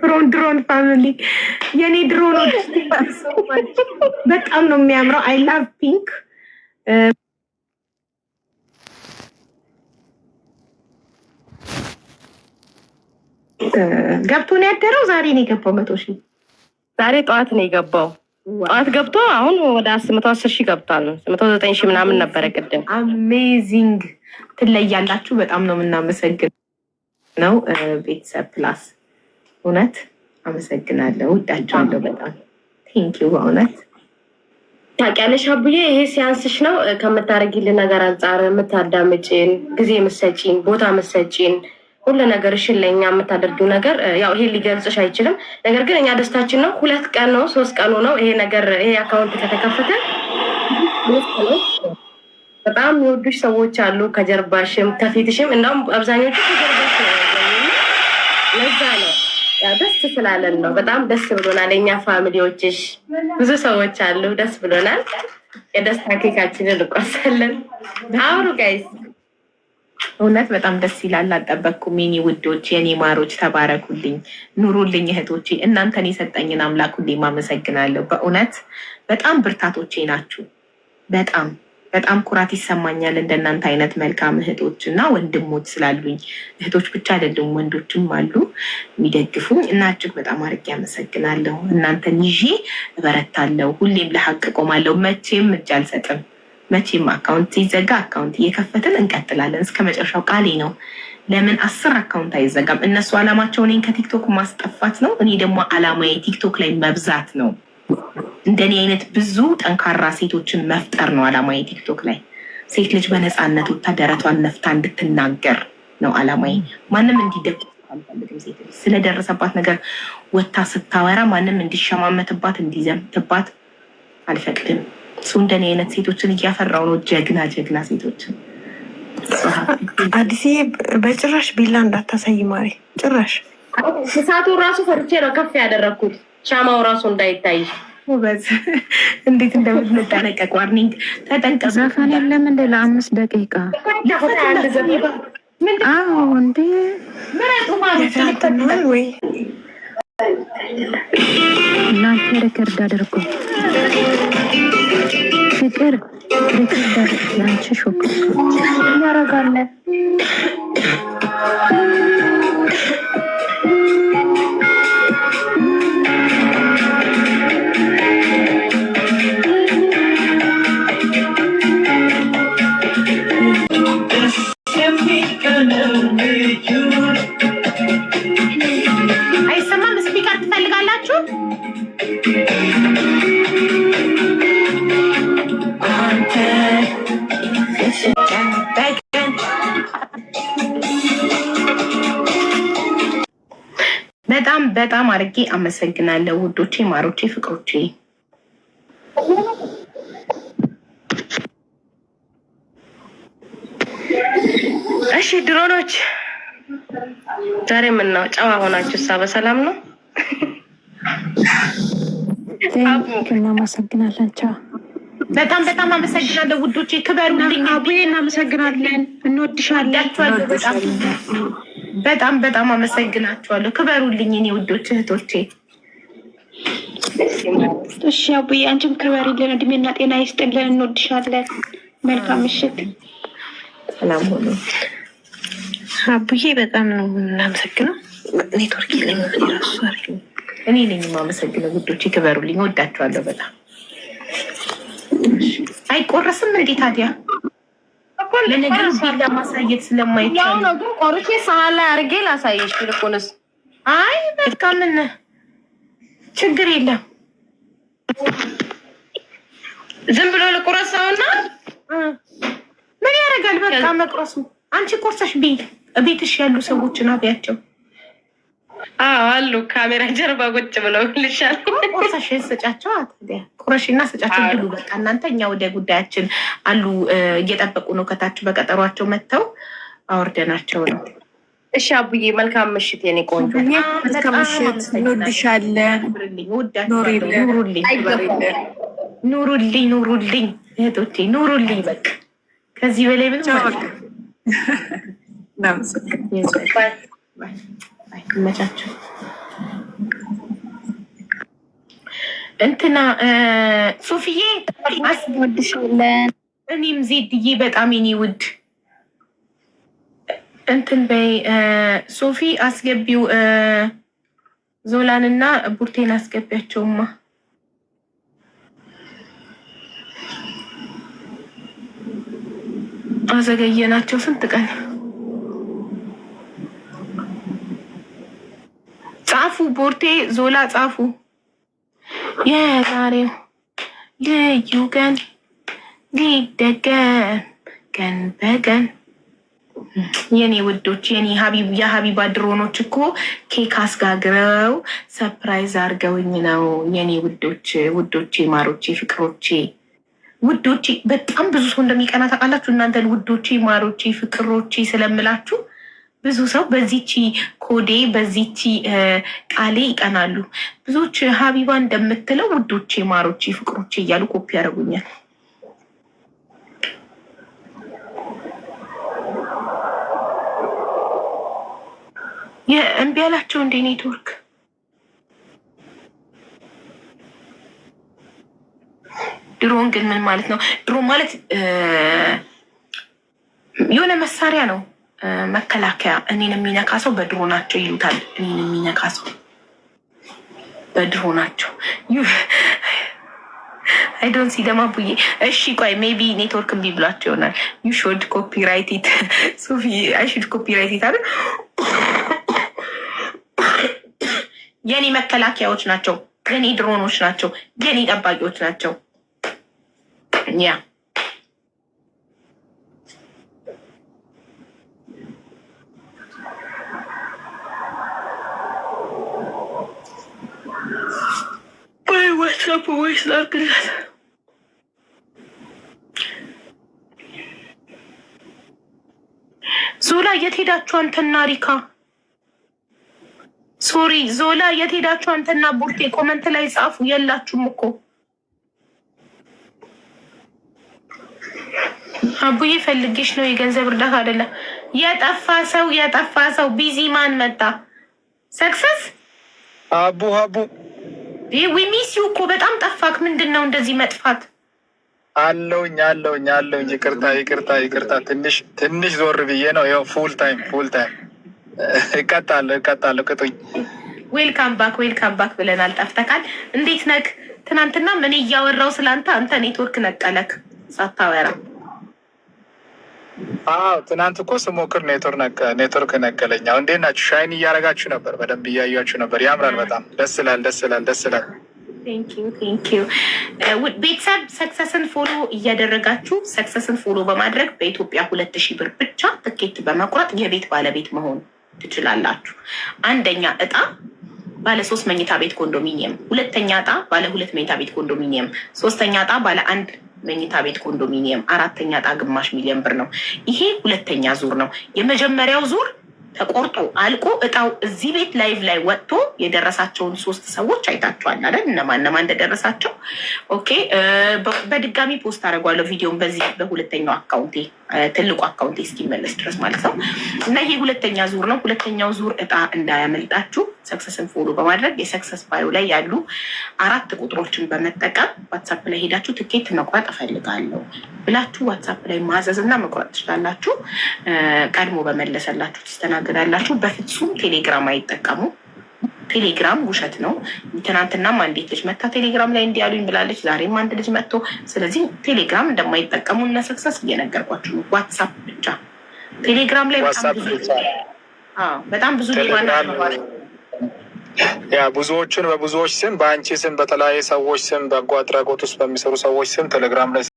ፍሮን ድሮን ፋሚሊ የኔ ድሮኖች በጣም ነው የሚያምረው። አይ ላቭ ፒንክ። ገብቶ ነው ያደረው። ዛሬ ነው የገባው መቶ ሺህ ዛሬ ጠዋት ነው የገባው። ጠዋት ገብቶ አሁን ወደ መቶ አስር ሺ ገብቷል። መቶ ዘጠኝ ሺህ ምናምን ነበረ ቅድም። አሜዚንግ ትለያላችሁ። በጣም ነው የምናመሰግን ነው ቤተሰብ ፕላስ እውነት አመሰግናለሁ። ወዳችኋለሁ በጣም ቴንኪው። በእውነት ታውቂያለሽ አቡዬ፣ ይሄ ሲያንስሽ ነው ከምታደርጊልን ነገር አንጻር የምታዳምጭን ጊዜ ምሰጪን፣ ቦታ ምሰጪን ሁሉ እሽን ለእኛ የምታደርጊው ነገር ያው ይሄ ሊገልጽሽ አይችልም። ነገር ግን እኛ ደስታችን ነው። ሁለት ቀን ነው ሶስት ቀኑ ነው ይሄ ነገር ይሄ አካውንት ከተከፈተ በጣም የሚወዱሽ ሰዎች አሉ፣ ከጀርባሽም ከፊትሽም። እንዳውም አብዛኞቹ ከጀርባሽ ለዛ ደስ ስላለን ነው። በጣም ደስ ብሎናል። የኛ ፋሚሊዎችሽ ብዙ ሰዎች አሉ። ደስ ብሎናል። የደስታ ኬካችንን እንቆርሳለን። አብሩ ጋይስ እውነት በጣም ደስ ይላል። አልጠበቅኩም። የኔ ውዶች፣ የኔ ማሮች ተባረኩልኝ፣ ኑሩልኝ እህቶቼ። እናንተን የሰጠኝን አምላክ ሁሌም አመሰግናለሁ። በእውነት በጣም ብርታቶቼ ናችሁ። በጣም በጣም ኩራት ይሰማኛል እንደናንተ አይነት መልካም እህቶች እና ወንድሞች ስላሉኝ። እህቶች ብቻ አይደለም ወንዶችም አሉ የሚደግፉኝ እና እጅግ በጣም አድርጌ አመሰግናለሁ። እናንተን ይዤ እበረታለሁ። ሁሌም ለሀቅ ቆማለሁ። መቼም እጅ አልሰጥም። መቼም አካውንት ሲዘጋ አካውንት እየከፈትን እንቀጥላለን እስከ መጨረሻው። ቃሌ ነው። ለምን አስር አካውንት አይዘጋም? እነሱ አላማቸው እኔን ከቲክቶክ ማስጠፋት ነው። እኔ ደግሞ አላማዬ ቲክቶክ ላይ መብዛት ነው። እንደኔ አይነት ብዙ ጠንካራ ሴቶችን መፍጠር ነው አላማዬ። ቲክቶክ ላይ ሴት ልጅ በነፃነት ወታደረቷን ደረቷን ነፍታ እንድትናገር ነው አላማዬ። ማንም እንዲደስለደረሰባት አልፈልግም። ሴት ልጅ ስለደረሰባት ነገር ወታ ስታወራ ማንም እንዲሸማመትባት እንዲዘምትባት አልፈቅድም። እሱ እንደኔ አይነት ሴቶችን እያፈራው ነው፣ ጀግና ጀግና ሴቶች አዲስ በጭራሽ ቢላ እንዳታሳይ ማሬ፣ ጭራሽ እሳቱ ራሱ ፈርቼ ነው ከፍ ያደረግኩት። ሻማው ራሱ እንዳይታይ ውበት እንዴት እንደምንጠነቀቅ ዋርኒንግ ተጠንቀቁ። ዘፈን የለም እንደ ለአምስት ደቂቃ አዎ፣ እንዴ ወይ እናንተ ሪከርድ አድርጉ። ፍቅር ሪከርድ ያንቺ ሾክ ያረጋለን በጣም በጣም አድርጌ አመሰግናለሁ ውዶቼ፣ ማሮቼ፣ ፍቅሮቼ። እሺ ድሮኖች ዛሬ የምናው ጨዋ ሆናችሁ እሳ በሰላም ነው። እናመሰግናለን። ቻው። በጣም በጣም አመሰግናለሁ ውዶቼ፣ ክበሩ። አቡዬ እናመሰግናለን። እንወድሻለን። በጣም በጣም አመሰግናችኋለሁ። ክበሩልኝ እኔ ውዶች እህቶቼ። እሺ አቡዬ አንቺም ክበሪልን፣ እድሜና ጤና ይስጥልን። እንወድሻለን። መልካም ምሽት። ሰላም ሆኖ አቡዬ በጣም ነው እናመሰግነው። ኔትወርክ የለኝ ራሱ እኔ ነኝ የማመሰግነው። ውዶች ክበሩልኝ፣ ወዳችኋለሁ በጣም አይቆረስም እንዴ ታዲያ? ለነገሩ ሳላ ማሳየት ስለማይቻል ያው ነው፣ ግን ቆርጬ ሳህን ላይ አድርጌ ላሳየሽ። ይልቁንስ አይ በቃ ምን ችግር የለም። ዝም ብሎ ልቁረሰውና ምን ያደርጋል? በቃ መቁረሱ አንቺ ቆርሰሽ ቤት ቤትሽ ያሉ ሰዎችን አብያቸው አሉ ካሜራ ጀርባ ቁጭ ብለው ልሻል ቆርሰሽን ስጫቸው እና ስጫቸው ግቡ። በቃ እናንተ እኛ ወደ ጉዳያችን አሉ እየጠበቁ ነው። ከታች በቀጠሯቸው መጥተው አወርደናቸው ነው። እሺ አቡዬ መልካም ምሽት የኔ ቆንጆ፣ መልካም ምሽት። እንወድሻለን። ኑሩልኝ ኑሩልኝ እህቶቼ ኑሩልኝ። በቃ ከዚህ በላይ ምን ነው? ይመቻቸው። እንትና ሱፍዬ አስወድሻለን። እኔም ዜድዬ በጣም የኔ ውድ እንትን በይ ሶፊ አስገቢው። ዞላን ዞላንና ቡርቴን አስገቢያቸውማ። አዘገየናቸው ስንት ቀን ጻፉ፣ ቦርቴ ዞላ ጻፉ። የዛሬው ልዩ ቀን ሊደገም ቀን በቀን የኔ ውዶች የኔ የሀቢባ ድሮኖች እኮ ኬክ አስጋግረው ሰፕራይዝ አድርገውኝ ነው። የኔ ውዶች ውዶቼ፣ ማሮቼ፣ ፍቅሮቼ፣ ውዶቼ በጣም ብዙ ሰው እንደሚቀና ታውቃላችሁ። እናንተን ውዶቼ፣ ማሮቼ፣ ፍቅሮቼ ስለምላችሁ ብዙ ሰው በዚቺ ኮዴ በዚቺ ቃሌ ይቀናሉ። ብዙዎች ሀቢባ እንደምትለው ውዶቼ፣ ማሮቼ፣ ፍቅሮቼ እያሉ ኮፒ ያደርጉኛል። እምቢ ያላቸው እንደ ኔትወርክ ድሮን ግን ምን ማለት ነው? ድሮ ማለት የሆነ መሳሪያ ነው። መከላከያ እኔን የሚነካ ሰው ናቸው ይሉታል። እኔን የሚነካ ሰው በድሮናቸው አይዶን ደማ ቡዬ እሺ፣ ቆይ ሜቢ ኔትወርክ እምቢ ብሏቸው ይሆናል። ዩ ሾድ ኮፒራይት ኢት ሶፊ፣ አይ ኮፒራይት ኢት አለ። የኔ መከላከያዎች ናቸው፣ የኔ ድሮኖች ናቸው፣ የኔ ጠባቂዎች ናቸው ያ ዋትሳፕ ወይስ ላርግላት? ዞላ የት ሄዳችሁ አንተና ሪካ? ሶሪ ዞላ የት ሄዳችሁ አንተና ቡርቴ? ኮመንት ላይ ጻፉ። የላችሁም እኮ አቡዬ ፈልጌሽ ነው። የገንዘብ እርዳታ አይደለም። የጠፋ ሰው የጠፋ ሰው ቢዚ ማን መጣ? ሰክሰስ አቡ አቡ ሚስ ዩ እኮ በጣም ጠፋክ። ምንድን ነው እንደዚህ መጥፋት? አለውኝ አለውኝ አለውኝ። ይቅርታ ይቅርታ ይቅርታ። ትንሽ ትንሽ ዞር ብዬ ነው። ያው ፉል ታይም ፉል ታይም እቀጣለሁ እቀጣለሁ። ቅጡኝ። ዌልካም ባክ ዌልካም ባክ ብለናል። ጠፍተካል። እንዴት ነክ? ትናንትና ምን እያወራው ስላንተ አንተ ኔትወርክ ነቀለክ ሳታወራ አዎ ትናንት እኮ ስሞክር ኔትወርክ ነቀለኝ። አሁን እንዴት ናችሁ? ሻይን እያደረጋችሁ ነበር፣ በደንብ እያያችሁ ነበር። ያምራል። በጣም ደስ ይላል፣ ደስ ይላል፣ ደስ ይላል። uh, ቤተሰብ ሰክሰስን ፎሎ እያደረጋችሁ ሰክሰስን ፎሎ በማድረግ በኢትዮጵያ ሁለት ሺህ ብር ብቻ ትኬት በመቁረጥ የቤት ባለቤት መሆን ትችላላችሁ። አንደኛ እጣ ባለ ሶስት መኝታ ቤት ኮንዶሚኒየም፣ ሁለተኛ እጣ ባለ ሁለት መኝታ ቤት ኮንዶሚኒየም፣ ሶስተኛ እጣ ባለ አንድ መኝታ ቤት ኮንዶሚኒየም አራተኛ ዕጣ ግማሽ ሚሊዮን ብር ነው። ይሄ ሁለተኛ ዙር ነው። የመጀመሪያው ዙር ተቆርጦ አልቆ እጣው እዚህ ቤት ላይቭ ላይ ወጥቶ የደረሳቸውን ሶስት ሰዎች አይታችኋል አይደል? እነማን እነማን እንደደረሳቸው ኦኬ። በድጋሚ ፖስት አደርገዋለሁ ቪዲዮን በዚህ በሁለተኛው አካውንቴ ትልቁ አካውንት እስኪመለስ ድረስ ማለት ነው። እና ይሄ ሁለተኛ ዙር ነው። ሁለተኛው ዙር እጣ እንዳያመልጣችሁ ሰክሰስን ፎሎ በማድረግ የሰክሰስ ባዮ ላይ ያሉ አራት ቁጥሮችን በመጠቀም ዋትሳፕ ላይ ሄዳችሁ ትኬት መቁረጥ እፈልጋለሁ ብላችሁ ዋትሳፕ ላይ ማዘዝ እና መቁረጥ ትችላላችሁ። ቀድሞ በመለሰላችሁ ትስተናግዳላችሁ። በፍጹም ቴሌግራም አይጠቀሙ። ቴሌግራም ውሸት ነው። ትናንትናም አንዲት ልጅ መታ ቴሌግራም ላይ እንዲህ ያሉኝ ብላለች። ዛሬም አንድ ልጅ መጥቶ፣ ስለዚህ ቴሌግራም እንደማይጠቀሙ እና ሰክሰስ እየነገርኳቸው ነው። ዋትሳፕ ብቻ ቴሌግራም ላይ በጣም ብዙ ያ ብዙዎቹን በብዙዎች ስም በአንቺ ስም በተለያየ ሰዎች ስም በጎ አድራጎት ውስጥ በሚሰሩ ሰዎች ስም ቴሌግራም ላይ